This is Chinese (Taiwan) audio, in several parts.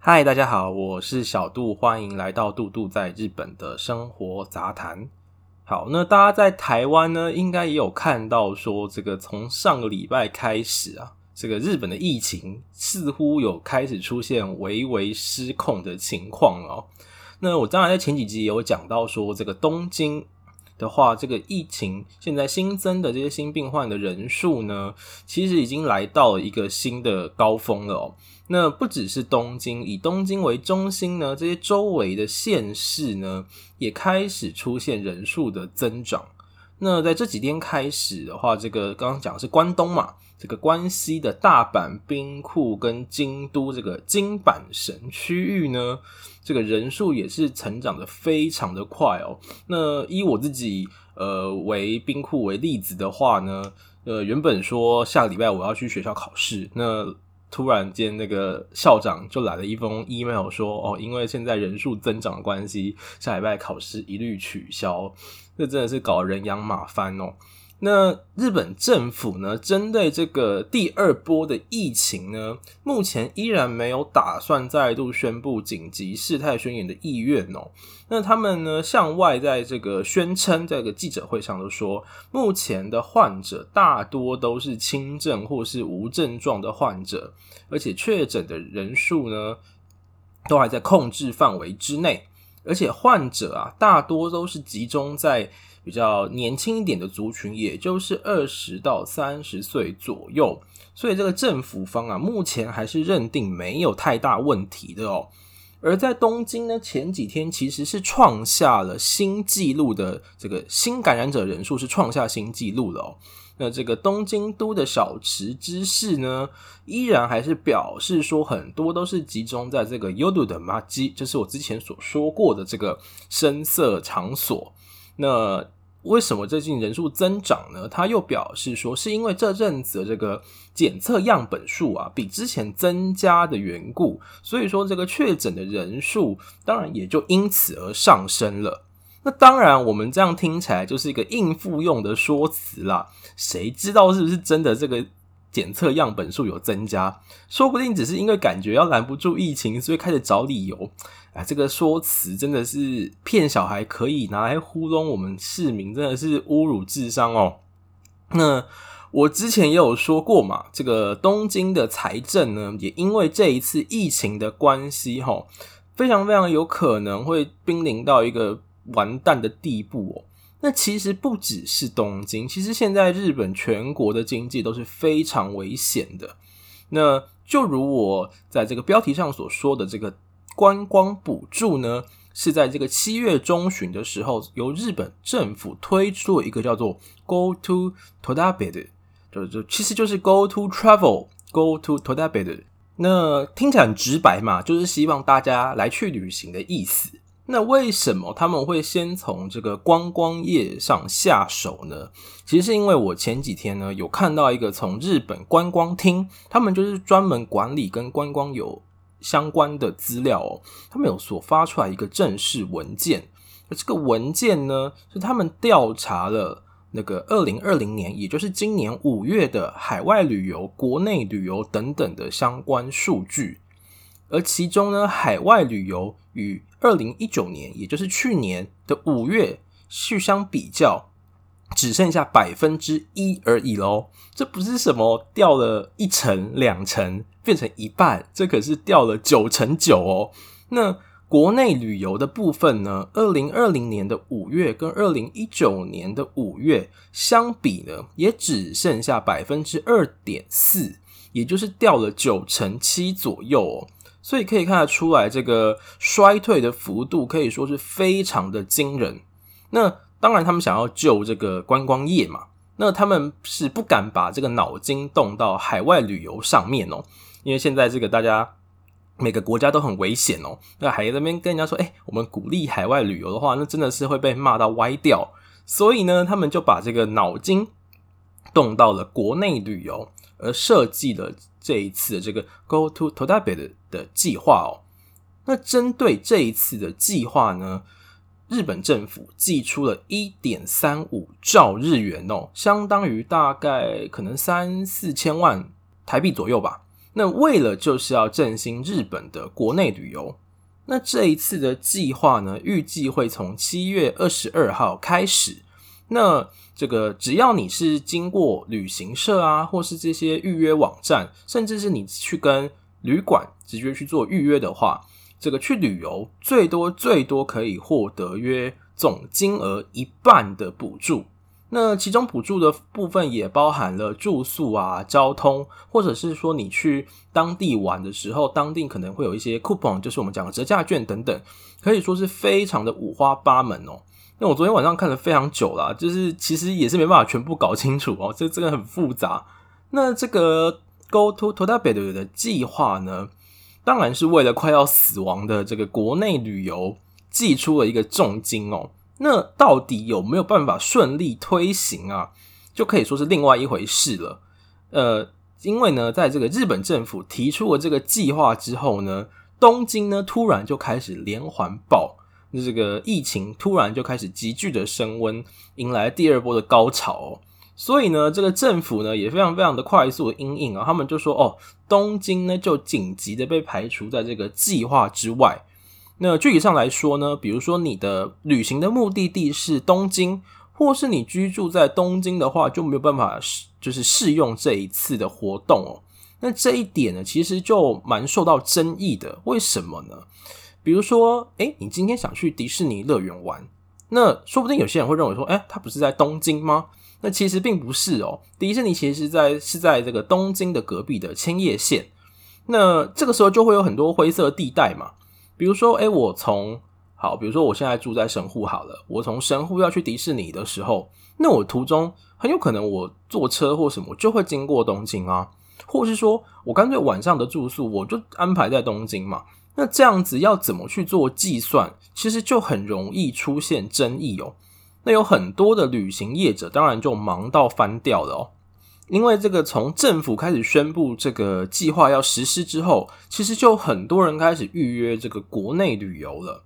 嗨，Hi, 大家好，我是小杜，歡迎來到杜杜在日本的生活雜談。好，那大家在台灣呢，應該也有看到說，這個從上個禮拜開始啊，這個日本的疫情似乎有開始出現微微失控的情況哦、喔。那我當然在前幾集有講到說，這個東京。的話，這個疫情現在新增的這些新病患的人數呢，其實已經來到了一個新的高峰了喔。哦，那不只是東京，以東京為中心呢，這些周圍的縣市呢，也開始出現人數的增長。那在這幾天開始的話，這個剛剛講是關東嘛，這個關西的大阪、兵庫跟京都這個京阪神區域呢，這個人數也是成長的非常的快哦、喔。那以我自己呃為兵庫為例子的話呢，呃原本說下個禮拜我要去學校考試，那。突然間，那個校長就來了一封 email，說：“哦，因為現在人數增長的關係，下禮拜考試一律取消。”這真的是搞人仰馬翻哦。那日本政府呢，針對這個第二波的疫情呢，目前依然沒有打算再度宣布緊急事態宣言的意願哦。那他們呢，向外在這個宣稱，在這個記者會上都說，目前的患者大多都是輕症或是無症狀的患者，而且確診的人數呢，都還在控制範圍之內，而且患者啊，大多都是集中在比較年輕一點的族群，也就是二十到三十歲左右，所以這個政府方啊，目前還是認定沒有太大問題的哦、喔。而在東京呢，前幾天其實是創下了新紀錄的，這個新感染者人數是創下新紀錄的哦。那這個東京都的小池知事呢，依然還是表示說，很多都是集中在這個夜の街，就是我之前所說過的這個聲色場所。那為什麼最近人數增長呢？他又表示說，是因為這陣子的這個檢測樣本數啊，比之前增加的緣故，所以說這個確診的人數當然也就因此而上升了。那當然，我們這樣聽起來就是一個應付用的說辭啦，誰知道是不是真的這個？檢測樣本數有增加，說不定只是因為感覺要攔不住疫情，所以開始找理由。哎、啊，這個說辭真的是騙小孩可以拿來糊弄我們市民，真的是侮辱智商哦。那我之前也有說過嘛，這個東京的財政呢，也因為這一次疫情的關係，哦，非常非常有可能會瀕臨到一個完蛋的地步哦。那其實不只是東京，其實現在日本全國的經濟都是非常危險的。那就如我在這個標題上所說的，這個觀光補助呢，是在這個七月中旬的時候，由日本政府推出了一個叫做 “Go To トラベル的，就就其實就是 “Go To Travel，Go To トラベル的。那聽起來很直白嘛，就是希望大家來去旅行的意思。那為什麼他們會先從這個觀光業上下手呢？其實是因為我前幾天呢有看到一個從日本觀光廳，他們就是專門管理跟觀光有相關的資料哦、喔，他們有所發出來一個正式文件，那這個文件呢是他們調查了那個二零二零年，也就是今年五月的海外旅遊、國內旅遊等等的相關數據，而其中呢海外旅遊與二零一九年，也就是去年的五月，去相比較，只剩下百分之一而已嘍。這不是什麼掉了一成兩成，變成一半，這可是掉了九成九哦。那國內旅遊的部分呢？二零二零年的五月跟二零一九年的五月相比呢，也只剩下百分之二點四，也就是掉了九成七左右哦。所以可以看得出來，這個衰退的幅度可以說是非常的驚人。那當然，他們想要救這個觀光業嘛，那他們是不敢把這個腦筋動到海外旅遊上面哦、喔，因為現在這個大家每個國家都很危險哦。那海外那邊跟人家說，哎，我們鼓勵海外旅遊的話，那真的是會被罵到歪掉。所以呢，他們就把這個腦筋動到了國內旅遊而設計的。這一次的這個 Go To Travel 的計劃哦，那針對這一次的計劃呢，日本政府祭出了一點三五兆日元哦，相當於大概可能三四千萬台幣左右吧。那為了就是要振興日本的國內旅遊，那這一次的計劃呢，預計會從七月二十二號開始。那這個只要你是經過旅行社啊，或是這些預約網站，甚至是你去跟旅館直接去做預約的話，這個去旅遊最多最多可以獲得約總金額一半的補助。那其中補助的部分也包含了住宿啊、交通，或者是說你去當地玩的時候，當地可能會有一些 coupon，就是我們講的折價券等等，可以說是非常的五花八門哦。那我昨天晚上看了非常久了啊，就是其實也是沒辦法全部搞清楚哦，這這個很複雜。那這個 Go To トラベル的計劃呢，當然是為了快要死亡的這個國內旅遊，祭出了一個重金哦。那到底有沒有辦法順利推行啊？就可以說是另外一回事了。呃，因為呢，在這個日本政府提出了這個計劃之後呢，東京呢突然就開始連環爆。這個疫情突然就開始急劇的升溫，迎來第二波的高潮哦。所以呢，這個政府呢也非常非常的快速的因應啊，他們就說哦，東京呢就緊急的被排除在這個計劃之外。那具體上來說呢，比如說你的旅行的目的地是東京，或是你居住在東京的話，就沒有辦法是就是適用這一次的活動哦。那這一點呢，其實就蠻受到爭議的。為什麼呢？比如說，哎、欸，你今天想去迪士尼樂園玩，那說不定有些人會認為說，哎、欸，它不是在東京嗎？那其實並不是哦、喔，迪士尼其實在是在這個東京的隔壁的千葉縣。那這個時候就會有很多灰色地帶嘛。比如說，哎、欸，我從好，比如說我現在住在神戶好了，我從神戶要去迪士尼的時候，那我途中很有可能我坐車或什麼就會經過東京啊，或是說我乾脆晚上的住宿我就安排在東京嘛。那這樣子要怎麼去做計算，其實就很容易出現爭議哦。那有很多的旅行業者，當然就忙到翻掉了哦。因為這個從政府開始宣布這個計劃要實施之後，其實就很多人開始預約這個國內旅遊了。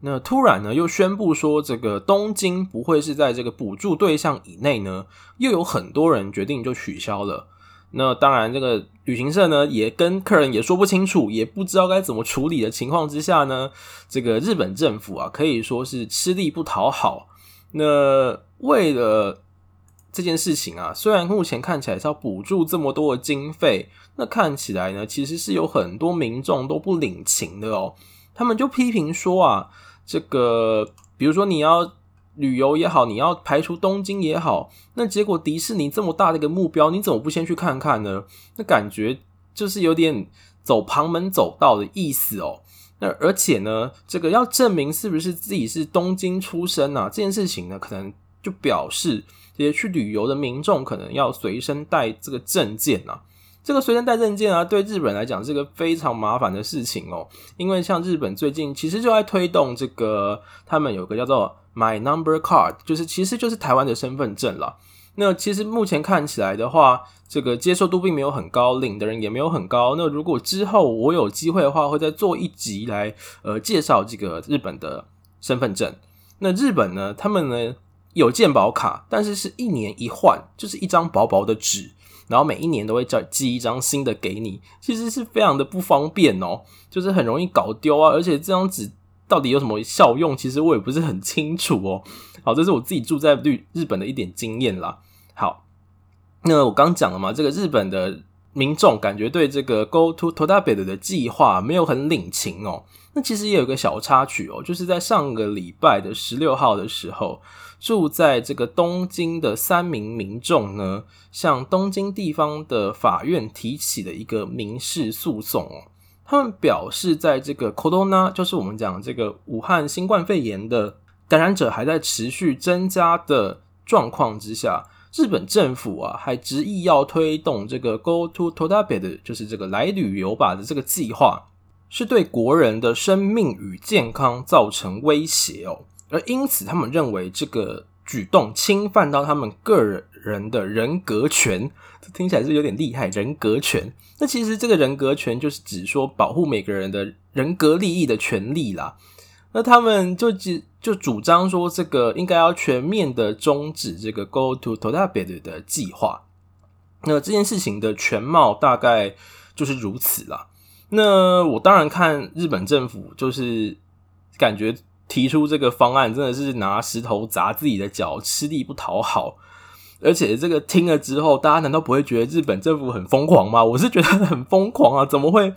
那突然呢，又宣布說這個東京不會是在這個補助對象以內呢，又有很多人決定就取消了。那當然，這個旅行社呢，也跟客人也說不清楚，也不知道該怎麼處理的情況之下呢，這個日本政府啊可以說是吃力不討好。那為了這件事情啊，雖然目前看起來是要補助這麼多的經費，那看起來呢其實是有很多民眾都不領情的哦。他們就批評說啊，這個比如說你要。旅遊也好，你要排除東京也好，那結果迪士尼這麼大的一個目標，你怎麼不先去看看呢？那感覺就是有點走旁門走道的意思哦。那而且呢，這個要證明是不是自己是東京出生啊？這件事情呢，可能就表示這些去旅遊的民眾可能要隨身帶這個證件啊。這個隨身帶證件啊，對日本來講是一個非常麻煩的事情哦。因為像日本最近其實就在推動這個，他們有個叫做。My number card 就是其實就是台灣的身份證啦。那其實目前看起來的話，這個接受度並沒有很高，領的人也沒有很高。那如果之後我有機會的話，會再做一集來呃介紹這個日本的身份證。那日本呢，他們呢有健保卡，但是是一年一換，就是一張薄薄的紙，然後每一年都會再寄一張新的給你，其實是非常的不方便哦、喔，就是很容易搞丟啊，而且這張紙。到底有什麼效用？其實我也不是很清楚哦。好，這是我自己住在日日本的一點經驗啦。好，那我剛講了嘛，這個日本的民眾感覺對這個 Go To トラベル的計劃沒有很領情哦。那其實也有一個小插曲哦，就是在上個禮拜的十六號的時候，住在這個東京的三名民眾呢，向東京地方的法院提起了一個民事訴訟哦。他們表示，在這個 Corona，就是我們講這個武漢新冠肺炎的感染者還在持續增加的狀況之下，日本政府啊還執意要推動這個 Go To Travel，就是這個來旅遊吧的這個計劃，是對國人的生命與健康造成威脅哦。而因此，他們認為這個。舉動侵犯到他們個人的人格權，聽起來是有點厲害。人格權，那其實這個人格權就是指說保護每個人的人格利益的權利啦。那他們就就主張說，這個應該要全面的終止這個 Go To Travel 的計劃。那這件事情的全貌大概就是如此啦。那我當然看日本政府，就是感覺。提出這個方案真的是拿石頭砸自己的腳，吃力不討好。而且這個聽了之後，大家難道不會覺得日本政府很瘋狂嗎？我是覺得很瘋狂啊！怎麼會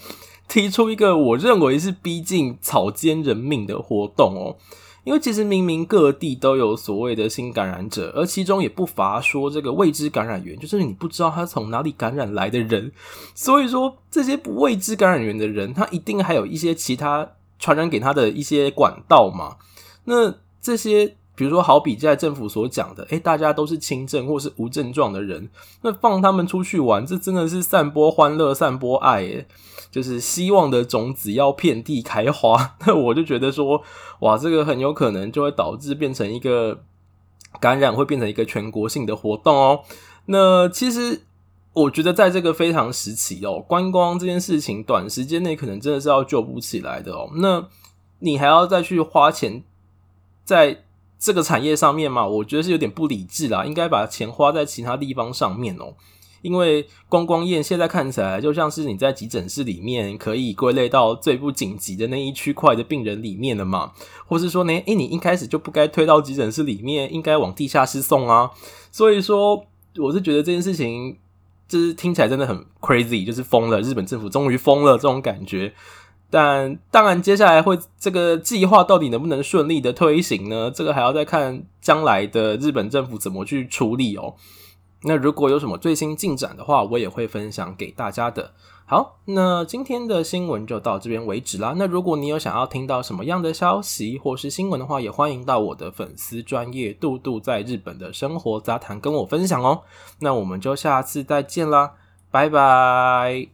提出一個我認為是逼近草菅人命的活動哦？因為其實明明各地都有所謂的新感染者，而其中也不乏說這個未知感染源，就是你不知道他從哪裡感染來的人。所以說，這些不未知感染源的人，他一定還有一些其他。傳染給他的一些管道嘛，那這些比如說，好比在政府所講的，誒，大家都是輕症或是無症狀的人，那放他們出去玩，這真的是散播歡樂、散播愛耶，就是希望的種子要遍地開花。那我就覺得說，哇，這個很有可能就會導致變成一個感染，會變成一個全國性的活動哦。那其實。我覺得在這個非常時期哦，觀光這件事情短時間內可能真的是要救不起來的哦。那你還要再去花錢在這個產業上面嘛？我覺得是有點不理智啦，應該把錢花在其他地方上面哦。因為觀光業現在看起來就像是你在急診室裡面可以歸類到最不緊急的那一區塊的病人裡面的嘛，或是說呢，哎，你一開始就不該推到急診室裡面，應該往地下室送啊。所以說，我是覺得這件事情。就是聽起來真的很 crazy，就是瘋了。日本政府終於瘋了，這種感覺。但當然，接下來會這個計劃到底能不能順利的推行呢？這個還要再看將來的日本政府怎麼去處理哦。那如果有什麼最新進展的話，我也會分享給大家的。好，那今天的新聞就到這邊為止啦。那如果你有想要聽到什麼樣的消息或是新聞的話，也歡迎到我的粉絲專頁度度在日本的生活雜談跟我分享哦、喔。那我們就下次再見啦，拜拜。